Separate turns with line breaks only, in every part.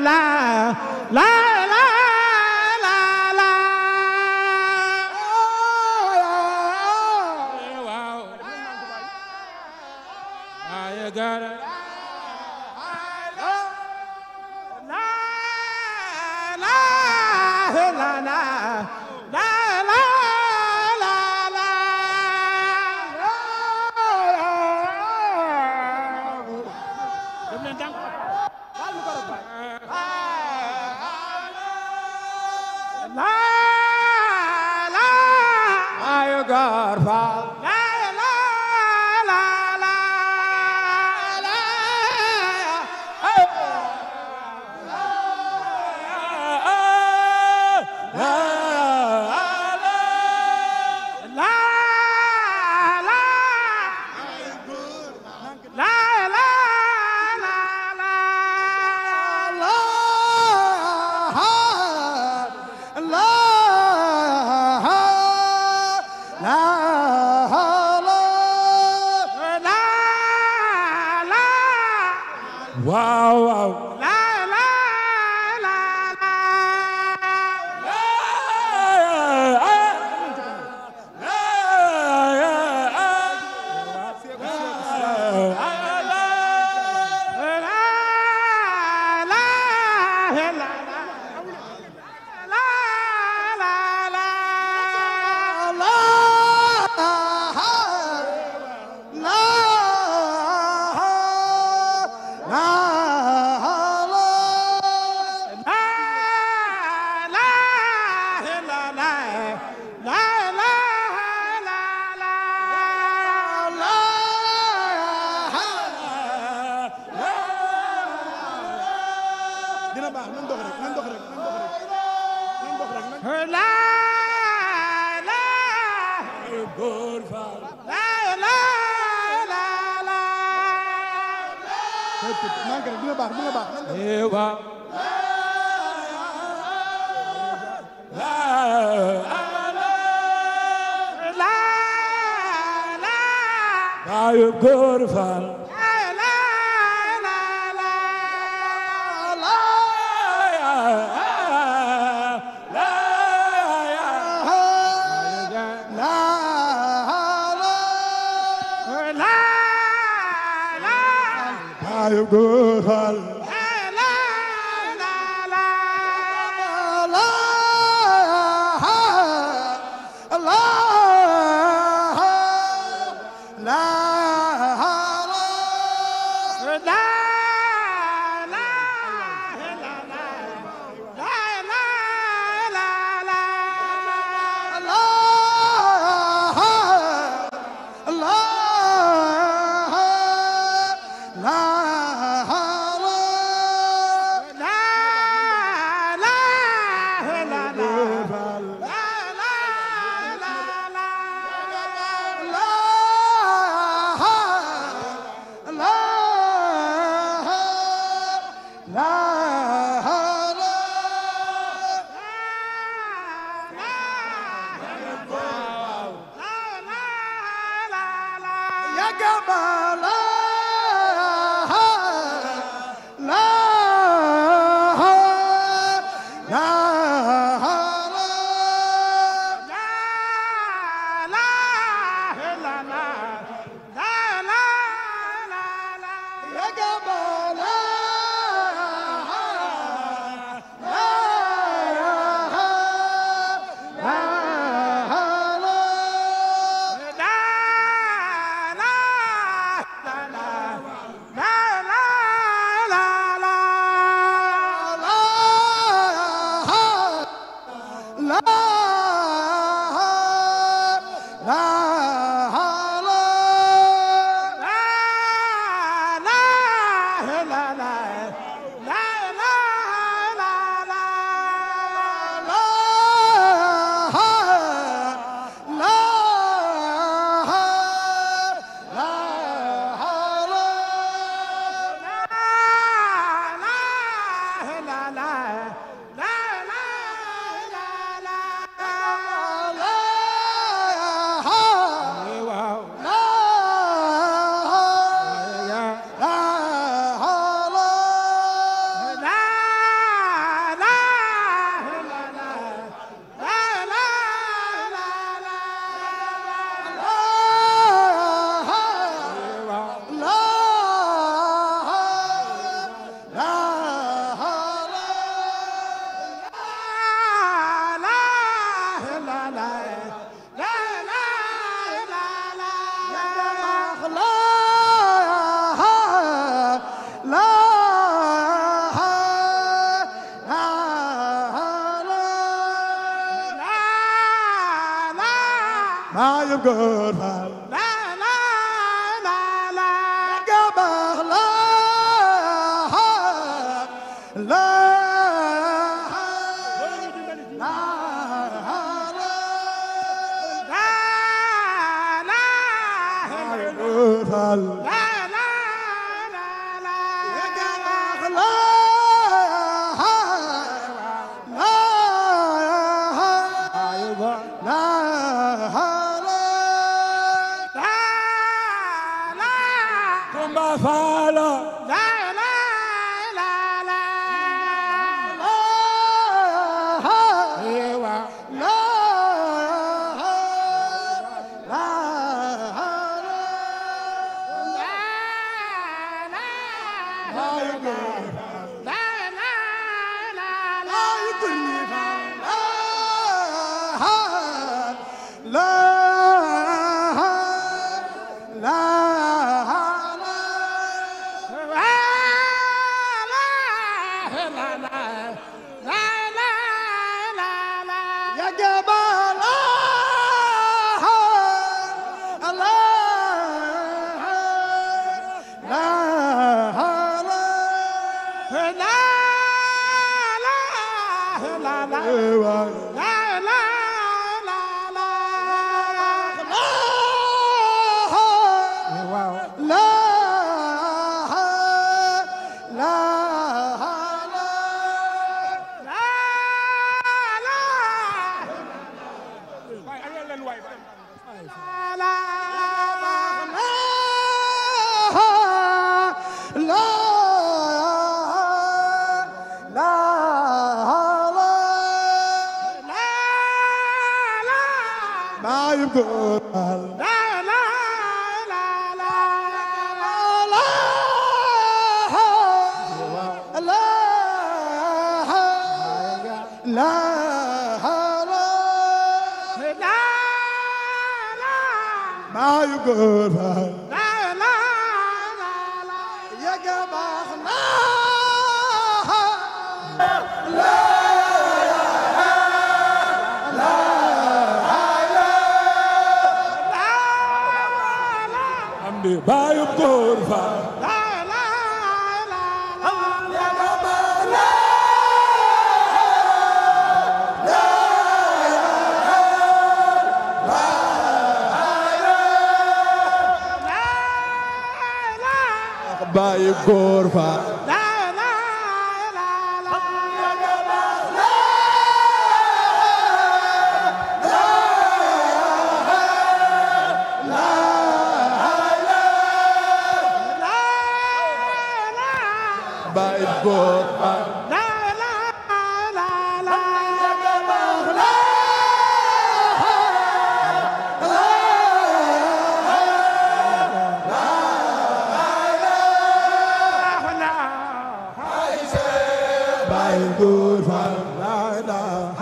la
faal
ayub góor faal la góor góor fa la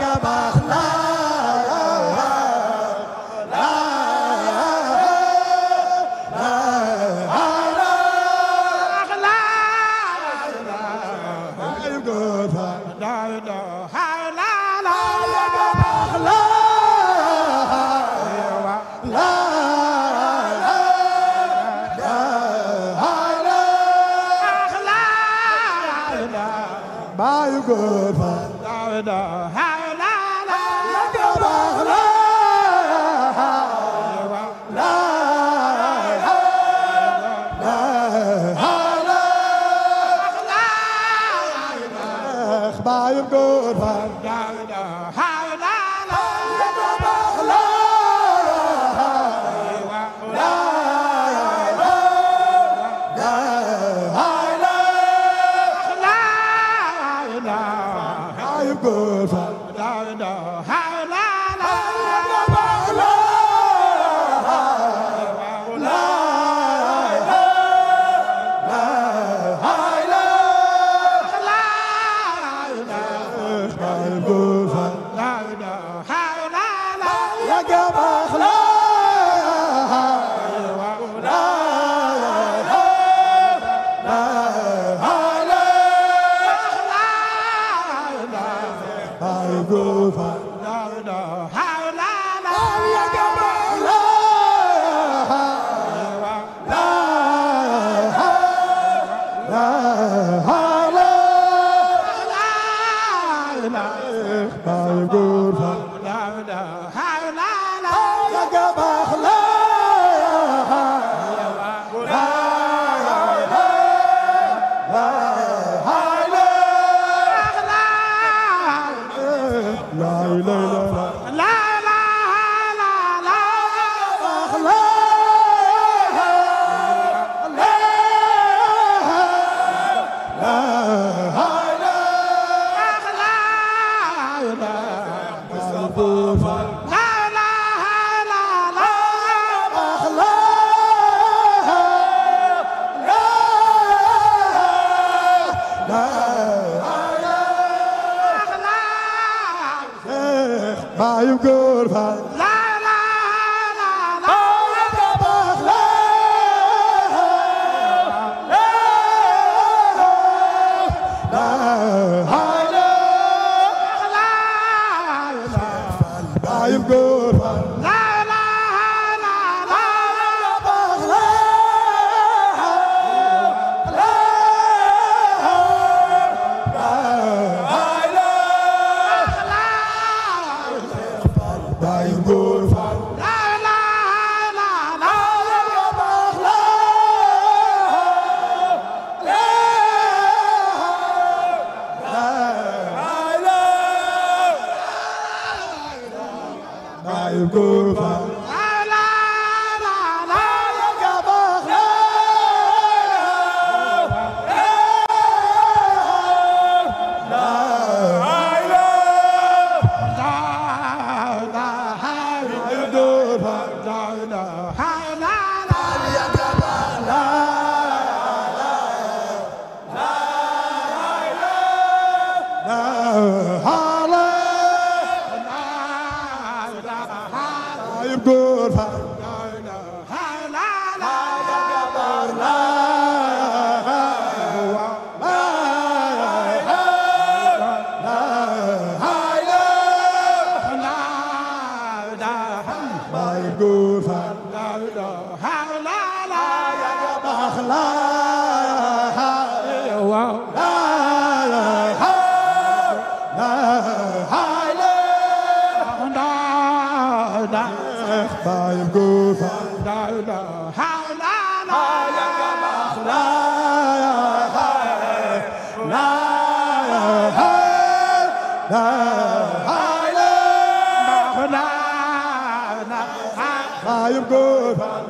Jagaba maayum góor faal Touba bayam ko fa dal ba ha la la ya ga ba la ya ha la ya ha la ha la na ha bayam ko fa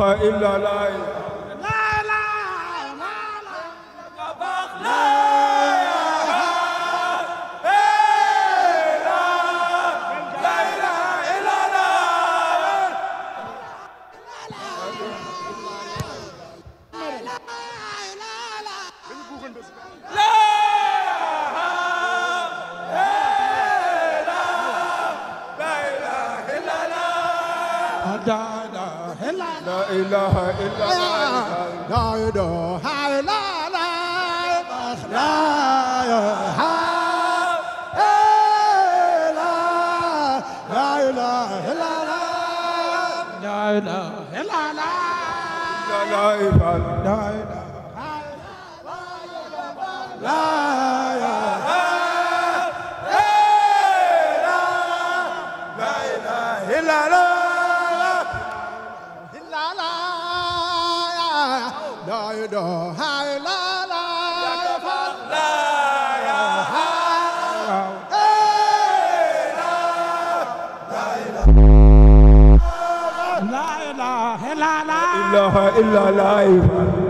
ilaha illa allah da لا إله إلا لا إله إلا لا لا إله إلا لا إله إلا لا لا إله إلا لا لا إله إلا لا ilaha illa life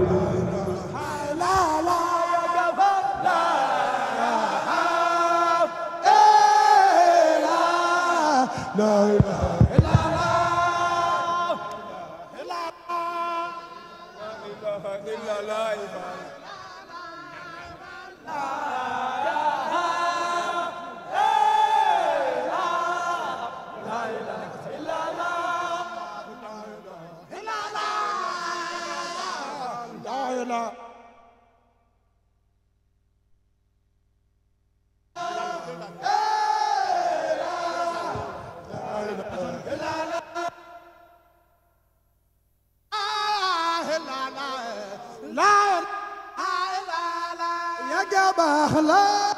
ja baax la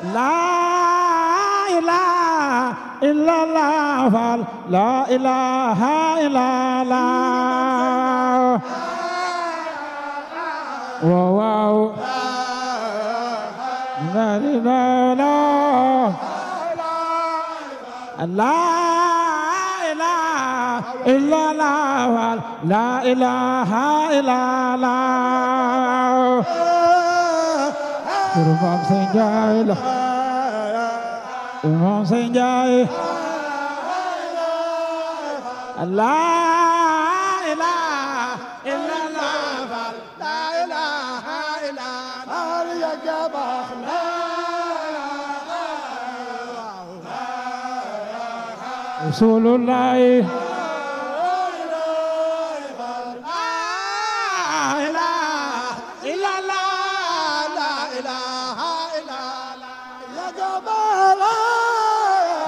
la ilaaha illallaah faal laa ilaaha illallaah waaw waaw laa ilaaha illallaah faal laa ilaaha illallaah kër maam Sëñ Njaay la maam Sëñ Njaay laa ilaaha illallaah laa ilaaha illallaah
Rasulullah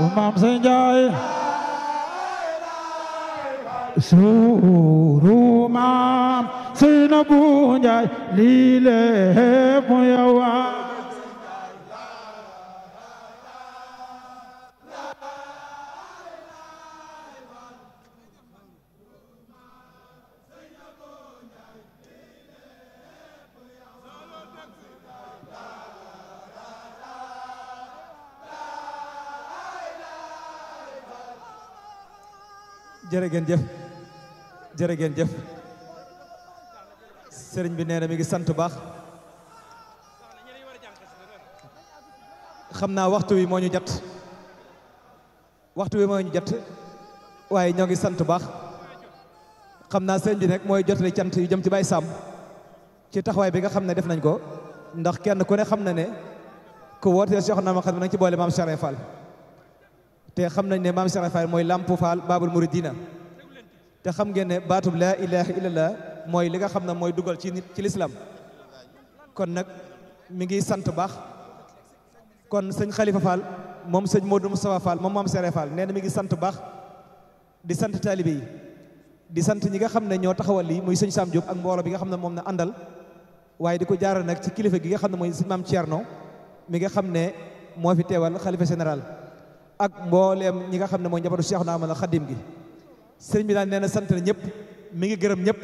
bu maam sey njaay suuru maam sey na bu lii lee mu
jërë ngeen jëf jërë jëf sëriñ bi nee na mi ngi sant baax xam naa waxtu wi mooñu ñu jat waxtu wi moo ñu jat waaye ñoo ngi sant baax xam naa sëriñ bi nag mooy jotale cant yu jëm ci Baye Sam ci taxawaay bi nga xam ne def nañ ko ndax kenn ku ne xam na ne ku woote Cheikh na ma xam ne nañ ci boole maam Cheikh te xam nañ ne maam Cheikh Fall mooy Lamp Fall Baabul Muridina te xam ngeen ne baatub laa ilaha illallah mooy li nga xam ne mooy dugal ci nit ci lislaam kon nag mi ngi sant baax kon sëñ Khalifa Fall moom sëñ Modou Moustapha Fall moom maam Cheikh Fall nee na mi ngi sant baax di sant taalibe di sant ñi nga xam ne ñoo taxawal lii muy sëñ Sam Diop ak mbooloo bi nga xam ne moom na àndal waaye di ko jaaral nag ci kilifa gi nga xam ne mooy sëñ maam Thierno mi nga xam ne moo fi teewal xalifa sénéral ak mbooleem ñi nga xam ne mooy njabootu Cheikh na Amadou Khadim gi sëriñ bi daal nee na sant ñëpp mi ngi gërëm ñëpp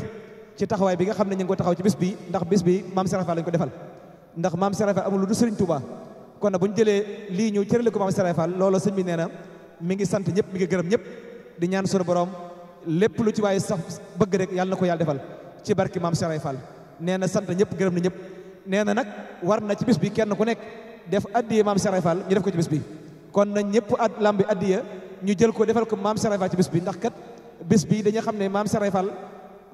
ci taxawaay bi nga xam ne ñu ko taxaw ci bis bi ndax bis bi maam Serigne Fall lañ ko defal ndax maam Serigne Fall amul lu du sëriñ na bu ñu jëlee lii ñu cërale ko maam Serigne Fall loolu sëriñ bi nee mi ngi sant ñëpp mi ngi gërëm ñëpp di ñaan sunu borom lépp lu ci waaye sax bëgg rek yàlla na ko yàlla defal ci barki maam Serigne Fall nee na sant ñëpp gërëm na ñëpp nee na nag war na ci bis bi kenn ku nekk def addiye maam Serigne Fall ñu def ko ci bis bi kon nañ ñëpp at lambi addiya ñu jël ko defal ko maam Serigne Fall ci bis bi ndax kat bis bi dañu xam ne maam Serigne Fall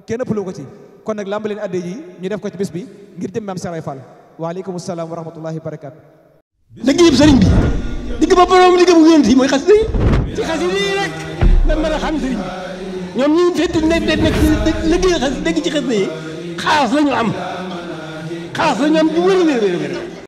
kenn ëppaloo ko ci kon nag lamb leen addiya yi ñu def ko ci bis bi ngir dem maam Serigne Fall waaleykum salaam wa rahmatullahi wa barakaatu. liggéey yëpp bi digg ba borom digg bu yonent yi mooy xasida yi ci xasida yi rek dañ mën a xam sëriñ bi ñoom ñun fekk nañ ne nekk ci liggéey xas dëgg ci xasida ñu
am xaas la ñu am bu wér wér